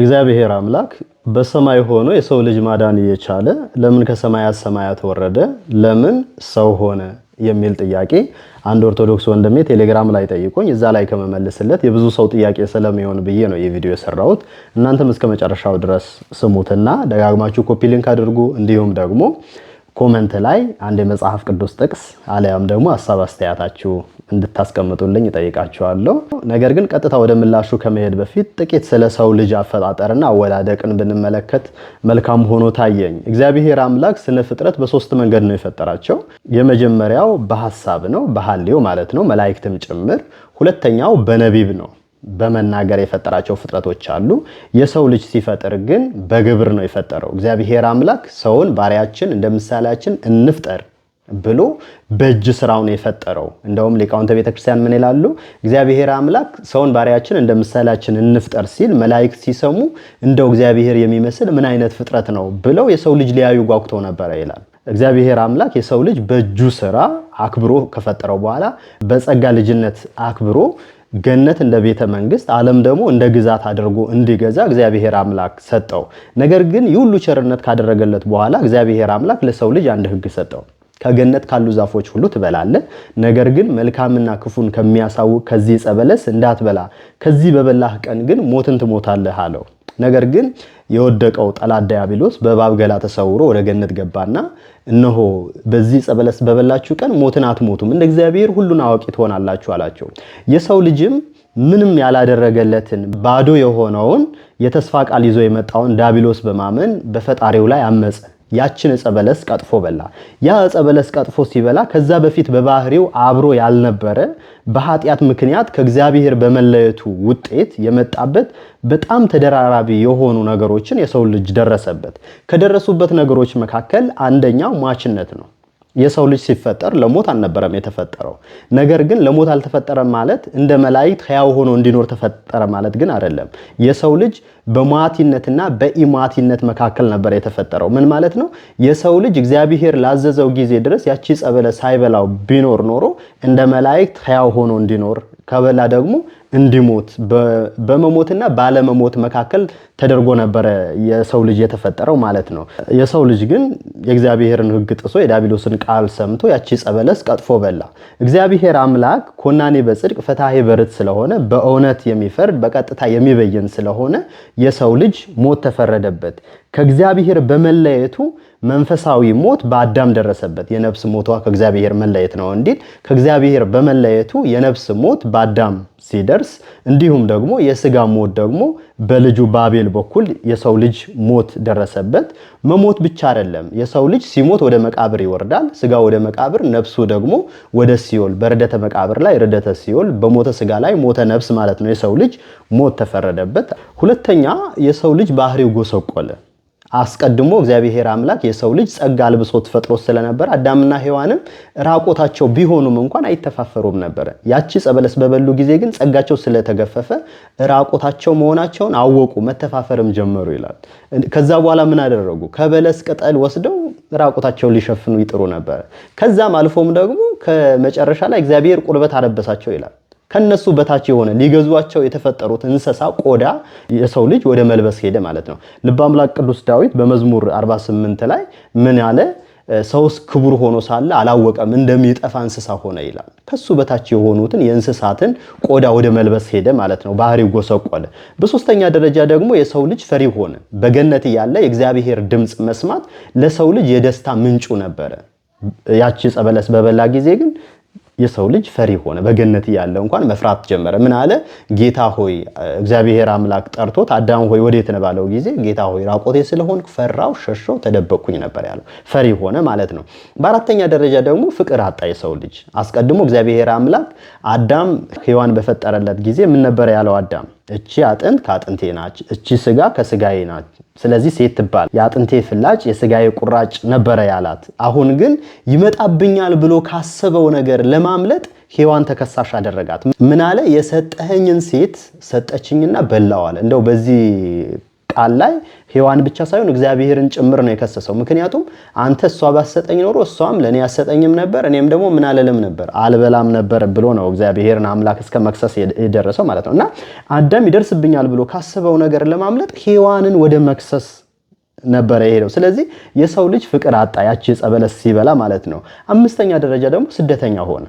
እግዚአብሔር አምላክ በሰማይ ሆኖ የሰው ልጅ ማዳን እየቻለ ለምን ከሰማያት ሰማያት ወረደ? ለምን ሰው ሆነ? የሚል ጥያቄ አንድ ኦርቶዶክስ ወንድሜ ቴሌግራም ላይ ጠይቆኝ እዛ ላይ ከመመልስለት የብዙ ሰው ጥያቄ ስለሚሆን ብዬ ነው የቪዲዮ ቪዲዮ የሰራሁት። እናንተም እስከ መጨረሻው ድረስ ስሙትና ደጋግማችሁ ኮፒ ሊንክ አድርጉ። እንዲሁም ደግሞ ኮመንት ላይ አንድ የመጽሐፍ ቅዱስ ጥቅስ አሊያም ደግሞ ሀሳብ አስተያየታችሁ እንድታስቀምጡልኝ እጠይቃችኋለሁ። ነገር ግን ቀጥታ ወደ ምላሹ ከመሄድ በፊት ጥቂት ስለ ሰው ልጅ አፈጣጠርና አወዳደቅን ብንመለከት መልካም ሆኖ ታየኝ። እግዚአብሔር አምላክ ስነ ፍጥረት በሶስት መንገድ ነው የፈጠራቸው። የመጀመሪያው በሀሳብ ነው፣ በሀሌው ማለት ነው፣ መላእክትም ጭምር። ሁለተኛው በነቢብ ነው በመናገር የፈጠራቸው ፍጥረቶች አሉ። የሰው ልጅ ሲፈጥር ግን በግብር ነው የፈጠረው። እግዚአብሔር አምላክ ሰውን ባሪያችን እንደ ምሳሌያችን እንፍጠር ብሎ በእጅ ስራው ነው የፈጠረው። እንደውም ሊቃውንተ ቤተክርስቲያን ምን ይላሉ? እግዚአብሔር አምላክ ሰውን ባሪያችን እንደ ምሳሌያችን እንፍጠር ሲል መላእክት ሲሰሙ እንደው እግዚአብሔር የሚመስል ምን አይነት ፍጥረት ነው ብለው የሰው ልጅ ሊያዩ ጓጉቶ ነበረ ይላል። እግዚአብሔር አምላክ የሰው ልጅ በእጁ ስራ አክብሮ ከፈጠረው በኋላ በጸጋ ልጅነት አክብሮ ገነት እንደ ቤተ መንግስት፣ ዓለም ደግሞ እንደ ግዛት አድርጎ እንዲገዛ እግዚአብሔር አምላክ ሰጠው። ነገር ግን ይህ ሁሉ ቸርነት ካደረገለት በኋላ እግዚአብሔር አምላክ ለሰው ልጅ አንድ ህግ ሰጠው። ከገነት ካሉ ዛፎች ሁሉ ትበላለህ፣ ነገር ግን መልካምና ክፉን ከሚያሳውቅ ከዚህ ዕፀ በለስ እንዳትበላ፣ ከዚህ በበላህ ቀን ግን ሞትን ትሞታለህ አለው። ነገር ግን የወደቀው ጠላት ዲያብሎስ በእባብ ገላ ተሰውሮ ወደ ገነት ገባና እነሆ በዚህ ዕፀ በለስ በበላችሁ ቀን ሞትን አትሞቱም፣ እንደ እግዚአብሔር ሁሉን አዋቂ ትሆናላችሁ አላቸው። የሰው ልጅም ምንም ያላደረገለትን ባዶ የሆነውን የተስፋ ቃል ይዞ የመጣውን ዲያብሎስ በማመን በፈጣሪው ላይ አመፀ። ያችን ዕፀ በለስ ቀጥፎ በላ። ያ ዕፀ በለስ ቀጥፎ ሲበላ ከዛ በፊት በባህሪው አብሮ ያልነበረ በኃጢአት ምክንያት ከእግዚአብሔር በመለየቱ ውጤት የመጣበት በጣም ተደራራቢ የሆኑ ነገሮችን የሰው ልጅ ደረሰበት። ከደረሱበት ነገሮች መካከል አንደኛው ሟችነት ነው። የሰው ልጅ ሲፈጠር ለሞት አልነበረም የተፈጠረው። ነገር ግን ለሞት አልተፈጠረም ማለት እንደ መላእክት ሕያው ሆኖ እንዲኖር ተፈጠረ ማለት ግን አይደለም። የሰው ልጅ በሟቲነትና በኢሟቲነት መካከል ነበር የተፈጠረው። ምን ማለት ነው? የሰው ልጅ እግዚአብሔር ላዘዘው ጊዜ ድረስ ያቺ ጸበለ ሳይበላው ቢኖር ኖሮ እንደ መላእክት ሕያው ሆኖ እንዲኖር ከበላ ደግሞ እንዲሞት በመሞትና ባለመሞት መካከል ተደርጎ ነበረ የሰው ልጅ የተፈጠረው ማለት ነው። የሰው ልጅ ግን የእግዚአብሔርን ሕግ ጥሶ የዳቢሎስን ቃል ሰምቶ ያቺ ጸበለስ ቀጥፎ በላ። እግዚአብሔር አምላክ ኮናኔ በጽድቅ ፈታሄ በርት ስለሆነ በእውነት የሚፈርድ በቀጥታ የሚበይን ስለሆነ የሰው ልጅ ሞት ተፈረደበት። ከእግዚአብሔር በመለየቱ መንፈሳዊ ሞት በአዳም ደረሰበት። የነፍስ ሞቷ ከእግዚአብሔር መለየት ነው እንዲል ከእግዚአብሔር በመለየቱ የነፍስ ሞት በአዳም ሲደርስ እንዲሁም ደግሞ የስጋ ሞት ደግሞ በልጁ ባቤል በኩል የሰው ልጅ ሞት ደረሰበት። መሞት ብቻ አይደለም፣ የሰው ልጅ ሲሞት ወደ መቃብር ይወርዳል። ስጋ ወደ መቃብር፣ ነፍሱ ደግሞ ወደ ሲኦል። በርደተ መቃብር ላይ ርደተ ሲኦል፣ በሞተ ስጋ ላይ ሞተ ነፍስ ማለት ነው። የሰው ልጅ ሞት ተፈረደበት። ሁለተኛ የሰው ልጅ ባህሪው ጎሰቆለ። አስቀድሞ እግዚአብሔር አምላክ የሰው ልጅ ጸጋ አልብሶት ፈጥሮ ስለነበረ አዳምና ሔዋንም ራቆታቸው ቢሆኑም እንኳን አይተፋፈሩም ነበረ። ያቺ ጸበለስ በበሉ ጊዜ ግን ጸጋቸው ስለተገፈፈ ራቆታቸው መሆናቸውን አወቁ፣ መተፋፈርም ጀመሩ ይላል። ከዛ በኋላ ምን አደረጉ? ከበለስ ቅጠል ወስደው ራቆታቸውን ሊሸፍኑ ይጥሩ ነበር። ከዛም አልፎም ደግሞ ከመጨረሻ ላይ እግዚአብሔር ቁርበት አለበሳቸው ይላል። ከነሱ በታች የሆነ ሊገዟቸው የተፈጠሩት እንስሳ ቆዳ የሰው ልጅ ወደ መልበስ ሄደ ማለት ነው። ልበ አምላክ ቅዱስ ዳዊት በመዝሙር 48 ላይ ምን አለ? ሰውስ ክቡር ሆኖ ሳለ አላወቀም፣ እንደሚጠፋ እንስሳ ሆነ ይላል። ከሱ በታች የሆኑትን የእንስሳትን ቆዳ ወደ መልበስ ሄደ ማለት ነው። ባህሪ ጎሰቆለ። በሶስተኛ ደረጃ ደግሞ የሰው ልጅ ፈሪ ሆነ። በገነት ያለ የእግዚአብሔር ድምፅ መስማት ለሰው ልጅ የደስታ ምንጩ ነበረ። ያቺ ዕፀ በለስ በበላ ጊዜ ግን የሰው ልጅ ፈሪ ሆነ። በገነት እያለ እንኳን መፍራት ጀመረ። ምን አለ? ጌታ ሆይ እግዚአብሔር አምላክ ጠርቶት አዳም ሆይ ወዴት ነው ባለው ጊዜ ጌታ ሆይ ራቆቴ ስለሆንኩ ፈራው፣ ሸሸው፣ ተደበቅኩኝ ነበር ያለው። ፈሪ ሆነ ማለት ነው። በአራተኛ ደረጃ ደግሞ ፍቅር አጣ የሰው ልጅ። አስቀድሞ እግዚአብሔር አምላክ አዳም ሔዋን በፈጠረለት ጊዜ ምን ነበር ያለው አዳም እቺ አጥንት ከአጥንቴ ናች፣ እቺ ስጋ ከስጋዬ ናች። ስለዚህ ሴት ትባል። የአጥንቴ ፍላጭ የስጋዬ ቁራጭ ነበረ ያላት። አሁን ግን ይመጣብኛል ብሎ ካሰበው ነገር ለማምለጥ ሔዋን ተከሳሽ አደረጋት። ምናለ የሰጠኸኝን ሴት ሰጠችኝና በላዋል። እንደው በዚህ ቃል ላይ ሔዋን ብቻ ሳይሆን እግዚአብሔርን ጭምር ነው የከሰሰው። ምክንያቱም አንተ እሷ ባሰጠኝ ኖሮ እሷም ለእኔ ያሰጠኝም ነበር፣ እኔም ደግሞ ምን አለልም ነበር አልበላም ነበር ብሎ ነው እግዚአብሔርን አምላክ እስከ መክሰስ የደረሰው ማለት ነው። እና አዳም ይደርስብኛል ብሎ ካስበው ነገር ለማምለጥ ሔዋንን ወደ መክሰስ ነበረ የሄደው። ስለዚህ የሰው ልጅ ፍቅር አጣ ያቺ ዕፀ ሲበላ ማለት ነው። አምስተኛ ደረጃ ደግሞ ስደተኛ ሆነ።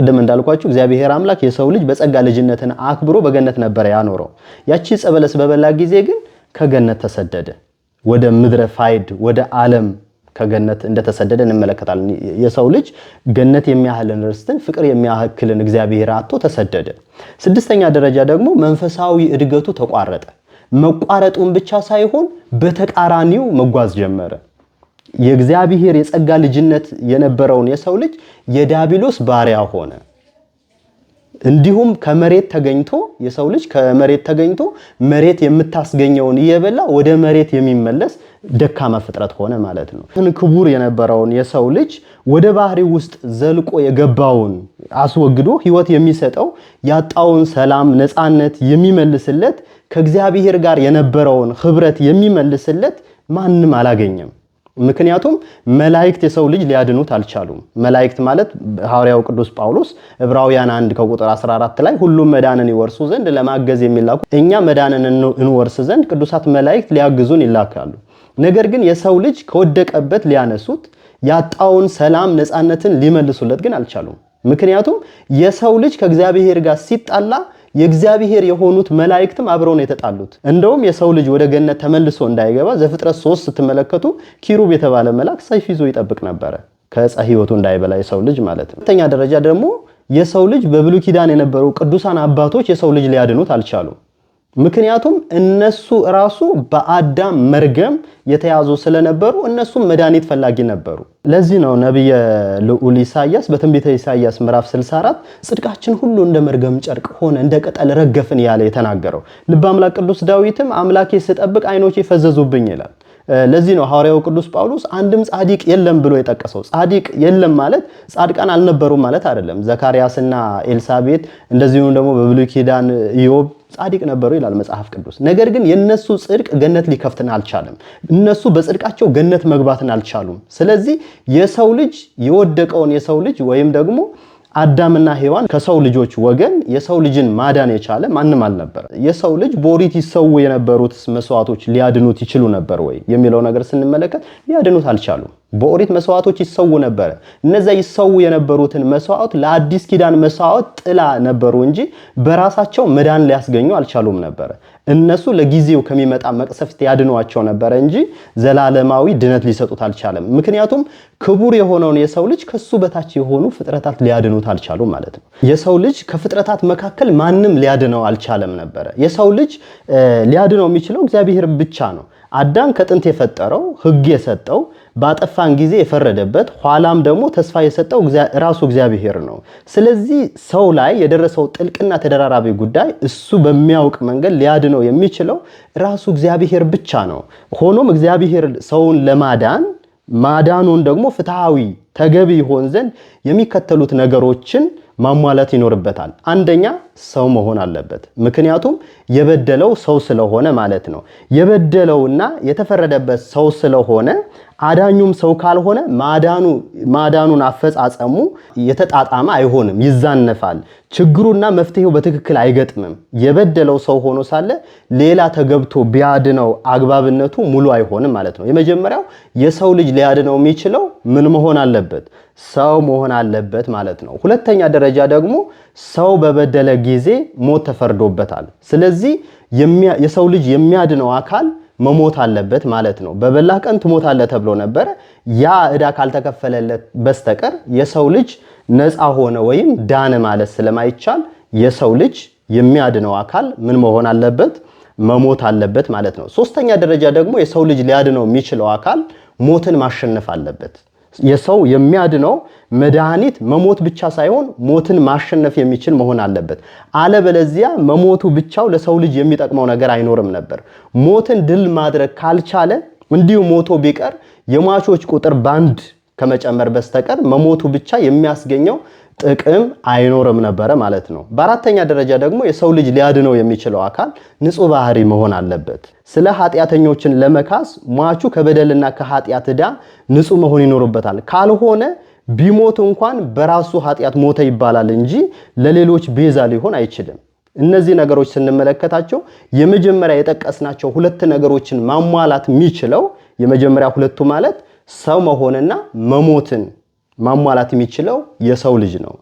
ቅድም እንዳልኳችሁ እግዚአብሔር አምላክ የሰው ልጅ በጸጋ ልጅነትን አክብሮ በገነት ነበረ ያኖረው። ያቺ ዕፀ በለስ በበላ ጊዜ ግን ከገነት ተሰደደ። ወደ ምድረ ፋይድ ወደ ዓለም ከገነት እንደተሰደደ እንመለከታለን። የሰው ልጅ ገነት የሚያህልን ርስትን፣ ፍቅር የሚያክልን እግዚአብሔር አጥቶ ተሰደደ። ስድስተኛ ደረጃ ደግሞ መንፈሳዊ እድገቱ ተቋረጠ። መቋረጡን ብቻ ሳይሆን በተቃራኒው መጓዝ ጀመረ። የእግዚአብሔር የጸጋ ልጅነት የነበረውን የሰው ልጅ የዳቢሎስ ባሪያ ሆነ። እንዲሁም ከመሬት ተገኝቶ የሰው ልጅ ከመሬት ተገኝቶ መሬት የምታስገኘውን እየበላ ወደ መሬት የሚመለስ ደካማ ፍጥረት ሆነ ማለት ነው። ክቡር የነበረውን የሰው ልጅ ወደ ባህሪ ውስጥ ዘልቆ የገባውን አስወግዶ ሕይወት የሚሰጠው ያጣውን ሰላም፣ ነፃነት የሚመልስለት ከእግዚአብሔር ጋር የነበረውን ኅብረት የሚመልስለት ማንም አላገኘም። ምክንያቱም መላእክት የሰው ልጅ ሊያድኑት አልቻሉም። መላእክት ማለት ሐዋርያው ቅዱስ ጳውሎስ ዕብራውያን አንድ ከቁጥር 14 ላይ ሁሉም መዳንን ይወርሱ ዘንድ ለማገዝ የሚላኩ እኛ መዳንን እንወርስ ዘንድ ቅዱሳት መላእክት ሊያግዙን ይላካሉ። ነገር ግን የሰው ልጅ ከወደቀበት ሊያነሱት፣ ያጣውን ሰላም ነፃነትን ሊመልሱለት ግን አልቻሉም። ምክንያቱም የሰው ልጅ ከእግዚአብሔር ጋር ሲጣላ የእግዚአብሔር የሆኑት መላእክትም አብረው ነው የተጣሉት። እንደውም የሰው ልጅ ወደ ገነት ተመልሶ እንዳይገባ ዘፍጥረት ሶስት ስትመለከቱ ኪሩብ የተባለ መልአክ ሰይፍ ይዞ ይጠብቅ ነበረ፣ ከዕፀ ሕይወቱ እንዳይበላ የሰው ልጅ ማለት ነው። ሁለተኛ ደረጃ ደግሞ የሰው ልጅ በብሉይ ኪዳን የነበሩ ቅዱሳን አባቶች የሰው ልጅ ሊያድኑት አልቻሉም። ምክንያቱም እነሱ ራሱ በአዳም መርገም የተያዙ ስለነበሩ እነሱም መድኃኒት ፈላጊ ነበሩ። ለዚህ ነው ነቢየ ልዑል ኢሳያስ በትንቢተ ኢሳያስ ምዕራፍ 64 ጽድቃችን ሁሉ እንደ መርገም ጨርቅ ሆነ፣ እንደ ቅጠል ረገፍን ያለ የተናገረው። ልበ አምላክ ቅዱስ ዳዊትም አምላኬ ስጠብቅ ዓይኖቼ ፈዘዙብኝ ይላል። ለዚህ ነው ሐዋርያው ቅዱስ ጳውሎስ አንድም ጻድቅ የለም ብሎ የጠቀሰው። ጻድቅ የለም ማለት ጻድቃን አልነበሩም ማለት አይደለም። ዘካርያስና ኤልሳቤት እንደዚሁም ደግሞ በብሉይ ኪዳን ኢዮብ ጻድቅ ነበሩ ይላል መጽሐፍ ቅዱስ። ነገር ግን የነሱ ጽድቅ ገነት ሊከፍትን አልቻለም። እነሱ በጽድቃቸው ገነት መግባትን አልቻሉም። ስለዚህ የሰው ልጅ የወደቀውን የሰው ልጅ ወይም ደግሞ አዳምና ሔዋን ከሰው ልጆች ወገን የሰው ልጅን ማዳን የቻለ ማንም አልነበረ። የሰው ልጅ በኦሪት ይሰው የነበሩት መስዋዕቶች ሊያድኑት ይችሉ ነበር ወይ የሚለው ነገር ስንመለከት ሊያድኑት አልቻሉም። በኦሪት መስዋዕቶች ይሰው ነበረ። እነዚያ ይሰው የነበሩትን መስዋዕት ለአዲስ ኪዳን መስዋዕት ጥላ ነበሩ እንጂ በራሳቸው መዳን ሊያስገኙ አልቻሉም ነበረ። እነሱ ለጊዜው ከሚመጣ መቅሰፍት ያድኗቸው ነበረ እንጂ ዘላለማዊ ድነት ሊሰጡት አልቻለም። ምክንያቱም ክቡር የሆነውን የሰው ልጅ ከሱ በታች የሆኑ ፍጥረታት ሊያድኑት አልቻሉም ማለት ነው። የሰው ልጅ ከፍጥረታት መካከል ማንም ሊያድነው አልቻለም ነበረ። የሰው ልጅ ሊያድነው የሚችለው እግዚአብሔር ብቻ ነው። አዳም ከጥንት የፈጠረው ህግ የሰጠው ባጠፋን ጊዜ የፈረደበት ኋላም ደግሞ ተስፋ የሰጠው ራሱ እግዚአብሔር ነው። ስለዚህ ሰው ላይ የደረሰው ጥልቅና ተደራራቢ ጉዳይ እሱ በሚያውቅ መንገድ ሊያድነው የሚችለው ራሱ እግዚአብሔር ብቻ ነው። ሆኖም እግዚአብሔር ሰውን ለማዳን ማዳኑን ደግሞ ፍትሐዊ ተገቢ ይሆን ዘንድ የሚከተሉት ነገሮችን ማሟላት ይኖርበታል። አንደኛ ሰው መሆን አለበት። ምክንያቱም የበደለው ሰው ስለሆነ ማለት ነው። የበደለውና የተፈረደበት ሰው ስለሆነ አዳኙም ሰው ካልሆነ ማዳኑን አፈጻጸሙ የተጣጣመ አይሆንም፣ ይዛነፋል። ችግሩና መፍትሄው በትክክል አይገጥምም። የበደለው ሰው ሆኖ ሳለ ሌላ ተገብቶ ቢያድነው አግባብነቱ ሙሉ አይሆንም ማለት ነው። የመጀመሪያው የሰው ልጅ ሊያድነው የሚችለው ምን መሆን አለበት? ሰው መሆን አለበት ማለት ነው። ሁለተኛ ደረጃ ደግሞ ሰው በበደለ ጊዜ ሞት ተፈርዶበታል። ስለዚህ የሰው ልጅ የሚያድነው አካል መሞት አለበት ማለት ነው። በበላ ቀን ትሞታለህ ተብሎ ነበረ። ያ ዕዳ ካልተከፈለለት በስተቀር የሰው ልጅ ነፃ ሆነ ወይም ዳነ ማለት ስለማይቻል የሰው ልጅ የሚያድነው አካል ምን መሆን አለበት? መሞት አለበት ማለት ነው። ሶስተኛ ደረጃ ደግሞ የሰው ልጅ ሊያድነው የሚችለው አካል ሞትን ማሸነፍ አለበት። የሰው የሚያድነው መድኃኒት መሞት ብቻ ሳይሆን ሞትን ማሸነፍ የሚችል መሆን አለበት። አለበለዚያ መሞቱ ብቻው ለሰው ልጅ የሚጠቅመው ነገር አይኖርም ነበር። ሞትን ድል ማድረግ ካልቻለ እንዲሁ ሞቶ ቢቀር የሟቾች ቁጥር ባንድ ከመጨመር በስተቀር መሞቱ ብቻ የሚያስገኘው ጥቅም አይኖርም ነበረ ማለት ነው። በአራተኛ ደረጃ ደግሞ የሰው ልጅ ሊያድነው የሚችለው አካል ንጹህ ባህሪ መሆን አለበት። ስለ ኃጢአተኞችን ለመካስ ሟቹ ከበደልና ከኃጢአት ዕዳ ንጹህ መሆን ይኖርበታል። ካልሆነ ቢሞት እንኳን በራሱ ኃጢአት ሞተ ይባላል እንጂ ለሌሎች ቤዛ ሊሆን አይችልም። እነዚህ ነገሮች ስንመለከታቸው የመጀመሪያ የጠቀስናቸው ሁለት ነገሮችን ማሟላት የሚችለው የመጀመሪያ ሁለቱ ማለት ሰው መሆንና መሞትን ማሟላት የሚችለው የሰው ልጅ ነው።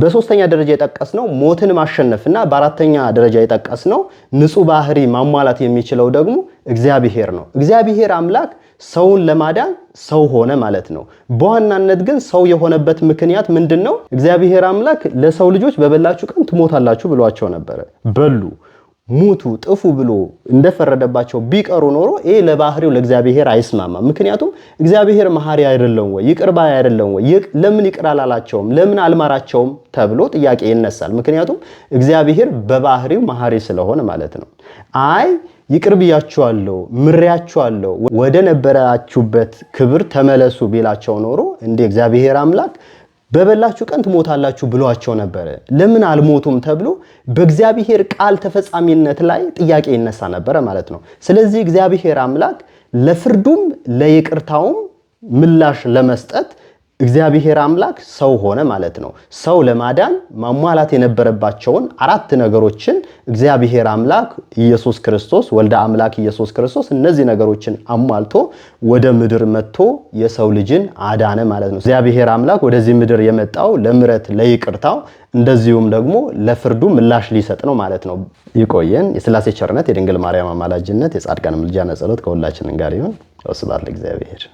በሶስተኛ ደረጃ የጠቀስ ነው ሞትን ማሸነፍ እና በአራተኛ ደረጃ የጠቀስ ነው ንጹህ ባህሪ ማሟላት የሚችለው ደግሞ እግዚአብሔር ነው። እግዚአብሔር አምላክ ሰውን ለማዳን ሰው ሆነ ማለት ነው። በዋናነት ግን ሰው የሆነበት ምክንያት ምንድን ነው? እግዚአብሔር አምላክ ለሰው ልጆች በበላችሁ ቀን ትሞታላችሁ ብሏቸው ነበረ። በሉ ሙቱ ጥፉ ብሎ እንደፈረደባቸው ቢቀሩ ኖሮ ይሄ ለባህሪው ለእግዚአብሔር አይስማማም። ምክንያቱም እግዚአብሔር መሐሪ አይደለም ወይ? ይቅርባ አይደለም ወይ? ለምን ይቅር አላላቸውም? ለምን አልማራቸውም? ተብሎ ጥያቄ ይነሳል። ምክንያቱም እግዚአብሔር በባህሪው መሐሪ ስለሆነ ማለት ነው። አይ ይቅር ብያችኋለሁ፣ ምሬያችኋለሁ፣ ወደ ነበራችሁበት ክብር ተመለሱ ቢላቸው ኖሮ እንደ እግዚአብሔር አምላክ በበላችሁ ቀን ትሞታላችሁ ብሏቸው ነበረ። ለምን አልሞቱም ተብሎ በእግዚአብሔር ቃል ተፈጻሚነት ላይ ጥያቄ ይነሳ ነበረ ማለት ነው። ስለዚህ እግዚአብሔር አምላክ ለፍርዱም ለይቅርታውም ምላሽ ለመስጠት እግዚአብሔር አምላክ ሰው ሆነ ማለት ነው። ሰው ለማዳን ማሟላት የነበረባቸውን አራት ነገሮችን እግዚአብሔር አምላክ ኢየሱስ ክርስቶስ ወልደ አምላክ ኢየሱስ ክርስቶስ እነዚህ ነገሮችን አሟልቶ ወደ ምድር መጥቶ የሰው ልጅን አዳነ ማለት ነው። እግዚአብሔር አምላክ ወደዚህ ምድር የመጣው ለምረት ለይቅርታው፣ እንደዚሁም ደግሞ ለፍርዱ ምላሽ ሊሰጥ ነው ማለት ነው። ይቆየን። የስላሴ ቸርነት፣ የድንግል ማርያም አማላጅነት፣ የጻድቃን ምልጃና ጸሎት ከሁላችንን ጋር ይሁን። ወስብሐት ለእግዚአብሔር።